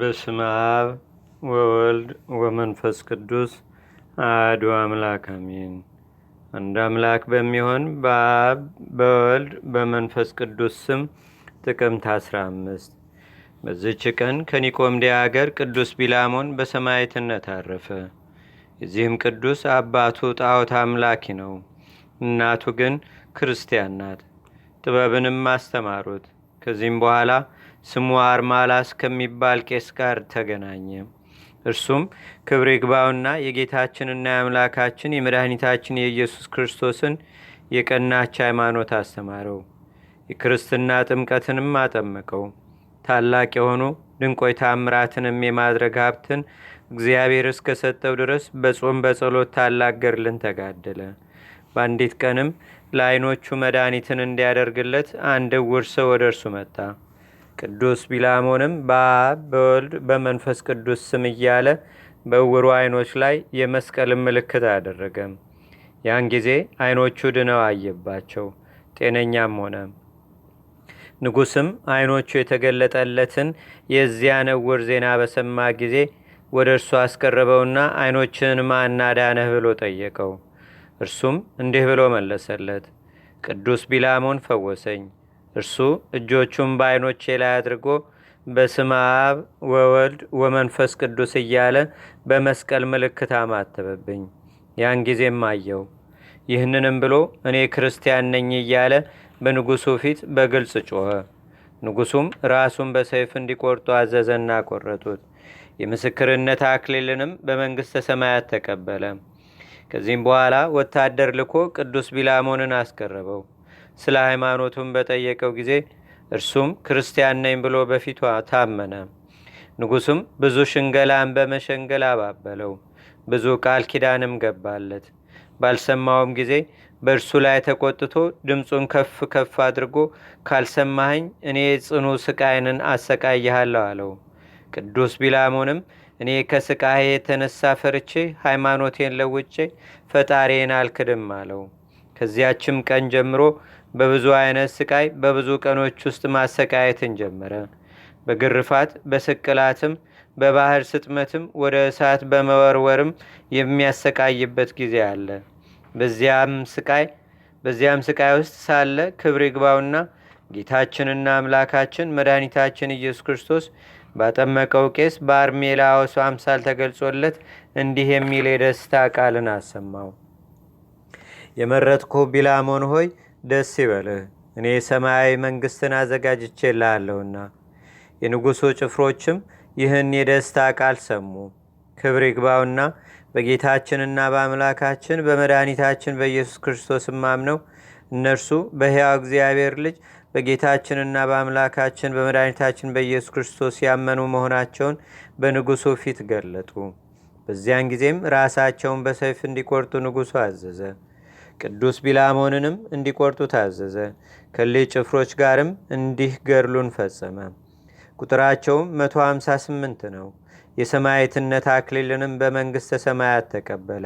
በስመ አብ ወወልድ ወመንፈስ ቅዱስ አሐዱ አምላክ አሚን አንድ አምላክ በሚሆን በአብ በወልድ በመንፈስ ቅዱስ ስም ጥቅምት 15 በዝች ቀን ከኒቆምዲያ አገር ቅዱስ ቢላሞን በሰማይትነት አረፈ። የዚህም ቅዱስ አባቱ ጣዖት አምላኪ ነው፣ እናቱ ግን ክርስቲያን ናት። ጥበብንም አስተማሩት። ከዚህም በኋላ ስሙ አርማላስ ከሚባል ቄስ ጋር ተገናኘ። እርሱም ክብር ግባውና የጌታችንና የአምላካችን የመድኃኒታችን የኢየሱስ ክርስቶስን የቀናች ሃይማኖት አስተማረው። የክርስትና ጥምቀትንም አጠመቀው። ታላቅ የሆኑ ድንቆይ ታምራትንም የማድረግ ሀብትን እግዚአብሔር እስከ ሰጠው ድረስ በጾም በጸሎት ታላቅ ገርልን ተጋደለ። በአንዲት ቀንም ለአይኖቹ መድኃኒትን እንዲያደርግለት አንድ ውር ሰው ወደ እርሱ መጣ። ቅዱስ ቢላሞንም በአብ በወልድ በመንፈስ ቅዱስ ስም እያለ በውሩ አይኖች ላይ የመስቀልን ምልክት አደረገ። ያን ጊዜ አይኖቹ ድነው አየባቸው፣ ጤነኛም ሆነ። ንጉስም አይኖቹ የተገለጠለትን የዚያ ነውር ዜና በሰማ ጊዜ ወደ እርሱ አስቀረበውና አይኖችን ማን ብሎ ጠየቀው። እርሱም እንዲህ ብሎ መለሰለት፣ ቅዱስ ቢላሞን ፈወሰኝ እርሱ እጆቹን በዓይኖቼ ላይ አድርጎ በስመ አብ ወወልድ ወመንፈስ ቅዱስ እያለ በመስቀል ምልክት አማተበብኝ። ያን ጊዜም አየው። ይህንንም ብሎ እኔ ክርስቲያን ነኝ እያለ በንጉሱ ፊት በግልጽ ጮኸ። ንጉሱም ራሱን በሰይፍ እንዲቆርጡ አዘዘና ቆረጡት። የምስክርነት አክሊልንም በመንግሥተ ሰማያት ተቀበለ። ከዚህም በኋላ ወታደር ልኮ ቅዱስ ቢላሞንን አስቀረበው። ስለ ሃይማኖቱም በጠየቀው ጊዜ እርሱም ክርስቲያን ነኝ ብሎ በፊቷ ታመነ። ንጉሱም ብዙ ሽንገላን በመሸንገል አባበለው፣ ብዙ ቃል ኪዳንም ገባለት። ባልሰማውም ጊዜ በእርሱ ላይ ተቆጥቶ ድምፁን ከፍ ከፍ አድርጎ ካልሰማኸኝ እኔ ጽኑ ስቃይንን አሰቃይሃለሁ አለው። ቅዱስ ቢላሞንም እኔ ከስቃይ የተነሳ ፈርቼ ሃይማኖቴን ለውጬ ፈጣሬን አልክድም አለው። ከዚያችም ቀን ጀምሮ በብዙ አይነት ስቃይ በብዙ ቀኖች ውስጥ ማሰቃየትን ጀመረ። በግርፋት በስቅላትም በባህር ስጥመትም ወደ እሳት በመወርወርም የሚያሰቃይበት ጊዜ አለ። በዚያም ስቃይ በዚያም ስቃይ ውስጥ ሳለ ክብር ይግባውና ጌታችንና አምላካችን መድኃኒታችን ኢየሱስ ክርስቶስ ባጠመቀው ቄስ በአርሜላዎስ አምሳል ተገልጾለት እንዲህ የሚል የደስታ ቃልን አሰማው። የመረጥኩ ቢላሞን ሆይ ደስ ይበልህ እኔ ሰማያዊ መንግሥትን አዘጋጅቼልሃለሁና የንጉሡ ጭፍሮችም ይህን የደስታ ቃል ሰሙ ክብር ይግባውና በጌታችንና በአምላካችን በመድኃኒታችን በኢየሱስ ክርስቶስ ማምነው እነርሱ በሕያው እግዚአብሔር ልጅ በጌታችንና በአምላካችን በመድኃኒታችን በኢየሱስ ክርስቶስ ያመኑ መሆናቸውን በንጉሡ ፊት ገለጡ በዚያን ጊዜም ራሳቸውን በሰይፍ እንዲቆርጡ ንጉሡ አዘዘ ቅዱስ ቢላሞንንም እንዲቆርጡ ታዘዘ። ከሌ ጭፍሮች ጋርም እንዲህ ገድሉን ፈጸመ። ቁጥራቸውም 158 ነው። የሰማይትነት አክሊልንም በመንግሥተ ሰማያት ተቀበለ።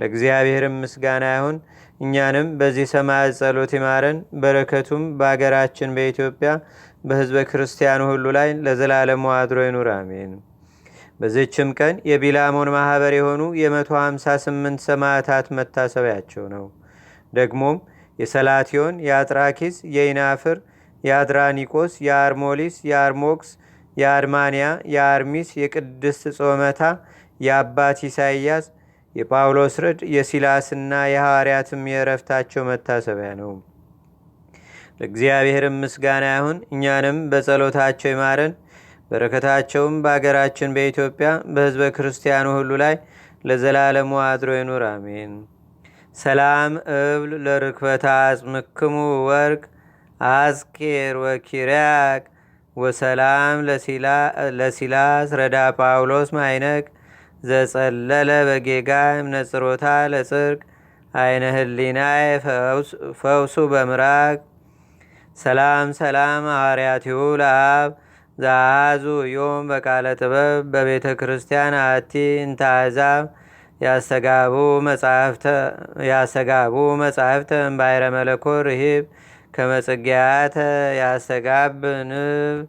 ለእግዚአብሔርም ምስጋና ይሁን። እኛንም በዚህ ሰማያት ጸሎት ይማረን። በረከቱም በአገራችን በኢትዮጵያ በሕዝበ ክርስቲያኑ ሁሉ ላይ ለዘላለሙ አድሮ ይኑር። አሜን። በዝችም ቀን የቢላሞን ማኅበር የሆኑ የ158 ሰማዕታት መታሰቢያቸው ነው። ደግሞም የሰላቲዮን፣ የአጥራኪስ፣ የኢናፍር፣ የአድራኒቆስ፣ የአርሞሊስ፣ የአርሞክስ፣ የአድማንያ፣ የአርሚስ፣ የቅድስት ጾመታ፣ የአባት ኢሳይያስ፣ የጳውሎስ ርድ፣ የሲላስና የሐዋርያትም የእረፍታቸው መታሰቢያ ነው። ለእግዚአብሔርም ምስጋና ያሁን እኛንም በጸሎታቸው ይማረን በረከታቸውም በአገራችን በኢትዮጵያ በህዝበ ክርስቲያኑ ሁሉ ላይ ለዘላለሙ አድሮ ይኑር፣ አሜን። ሰላም እብል ለርክበታ አጽምክሙ ወርቅ አስኬር ወኪርያቅ ወሰላም ለሲላስ ረዳ ጳውሎስ ማይነቅ ዘጸለለ በጌጋ እምነጽሮታ ለጽርቅ አይነ ህሊናይ ፈውሱ በምራቅ ሰላም ሰላም ሐዋርያትሁ ለአብ ዛዙ ዮም በቃለ ጥበብ በቤተ ክርስቲያን አቲ እንተ አሕዛብ ያሰጋቡ መጻሕፍተ እምባይረ መለኮት ርሂብ ከመጽጊያተ ያሰጋብ ንብ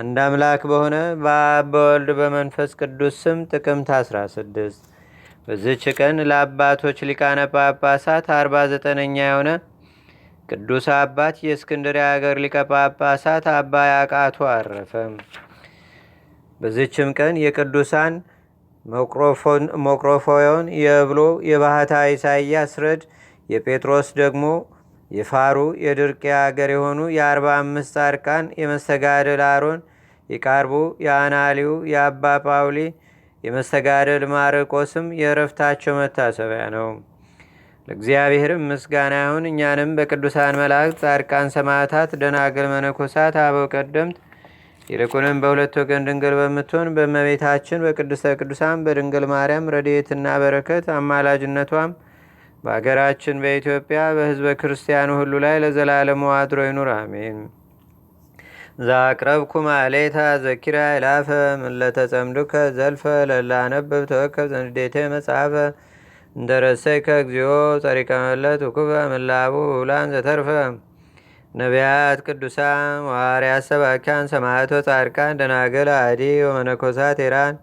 አንድ አምላክ በሆነ በአብ በወልድ በመንፈስ ቅዱስ ስም ጥቅምት 16 በዝች ቀን ለአባቶች ሊቃነ ጳጳሳት 49ኛ የሆነ ቅዱስ አባት የእስክንድርያ አገር ሊቀ ጳጳሳት አባ ያቃቱ አረፈ። በዝችም ቀን የቅዱሳን ሞቅሮፎዮን፣ የብሎ፣ የባህታ ኢሳይያስ ረድ፣ የጴጥሮስ ደግሞ የፋሩ የድርቅ አገር የሆኑ የአርባ አምስት ጻድቃን የመስተጋደል አሮን፣ የቃርቡ፣ የአናሊው፣ የአባ ጳውሊ፣ የመስተጋደል ማርቆስም የእረፍታቸው መታሰቢያ ነው። ለእግዚአብሔርም ምስጋና ይሁን እኛንም በቅዱሳን መላእክት፣ ጻድቃን፣ ሰማዕታት፣ ደናግል፣ መነኮሳት፣ አበው ቀደምት ይልቁንም በሁለት ወገን ድንግል በምትሆን በመቤታችን በቅድስተ ቅዱሳን በድንግል ማርያም ረድኤትና በረከት አማላጅነቷም በአገራችን በኢትዮጵያ በህዝበ ክርስቲያኑ ሁሉ ላይ ለዘላለሙ አድሮ ይኑር። አሜን። ዛቅረብኩ ማሌታ ዘኪራ ይላፈ ምለተጸምዱከ ዘልፈ ለላነበብ ተወከብ ዘንዴቴ መጽሐፈ እንደረሰይ እግዚኦ ጸሪቀ መለት ውክበ ምላቡ ውላን ዘተርፈ ነቢያት ቅዱሳን ዋርያ ሰባኪያን ሰማያቶ ጻድቃን ደናገል አዲ ወመነኮሳት ኢራን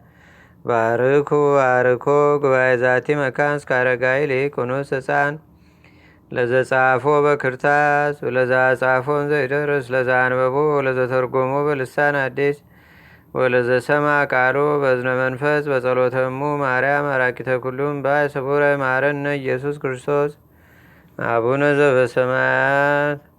ባርኩ ባርኮ ጉባኤ ዛቲ መካን እስካረጋይ ሊቁኑስ ህፃን ለዘጻፎ በክርታስ ወለዛ ጻፎን ዘይደርስ ለዛ አንበቦ ወለዘተርጎሞ በልሳን አዲስ ወለዘሰማ ቃሉ በዝነ መንፈስ በጸሎተሙ ማርያም አራቂተ ኩሉም ባይ ስቡረ ማረነ ኢየሱስ ክርስቶስ አቡነ ዘበሰማያት